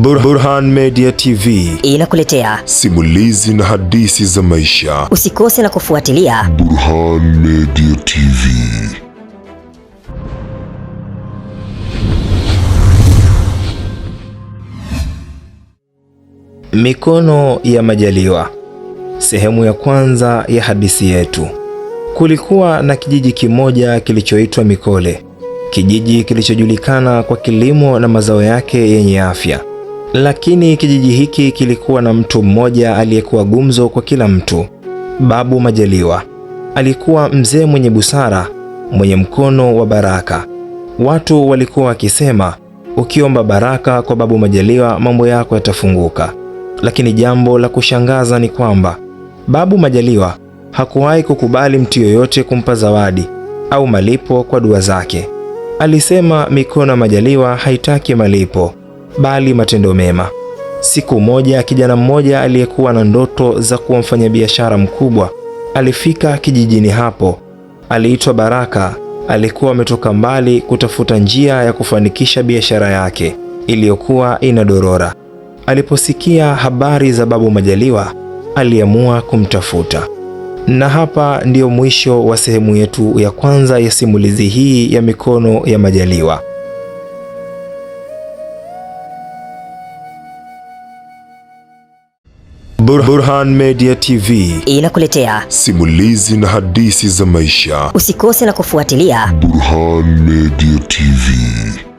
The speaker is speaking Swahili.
Burhan Media TV inakuletea simulizi na hadithi za maisha. Usikose na kufuatilia Burhan Media TV. Mikono ya Majaliwa, sehemu ya kwanza ya hadithi yetu. Kulikuwa na kijiji kimoja kilichoitwa Mikole, kijiji kilichojulikana kwa kilimo na mazao yake yenye afya. Lakini kijiji hiki kilikuwa na mtu mmoja aliyekuwa gumzo kwa kila mtu. Babu Majaliwa alikuwa mzee mwenye busara, mwenye mkono wa baraka. Watu walikuwa wakisema, ukiomba baraka kwa Babu Majaliwa mambo yako yatafunguka. Lakini jambo la kushangaza ni kwamba Babu Majaliwa hakuwahi kukubali mtu yoyote kumpa zawadi au malipo kwa dua zake. Alisema mikono ya Majaliwa haitaki malipo bali matendo mema. Siku moja kijana mmoja aliyekuwa na ndoto za kuwa mfanyabiashara mkubwa alifika kijijini hapo. Aliitwa Baraka. Alikuwa ametoka mbali kutafuta njia ya kufanikisha biashara yake iliyokuwa inadorora. Aliposikia habari za Babu Majaliwa, aliamua kumtafuta. Na hapa ndiyo mwisho wa sehemu yetu ya kwanza ya simulizi hii ya Mikono ya Majaliwa. Burhan Media TV inakuletea simulizi na hadithi za maisha. Usikose na kufuatilia Burhan Media TV.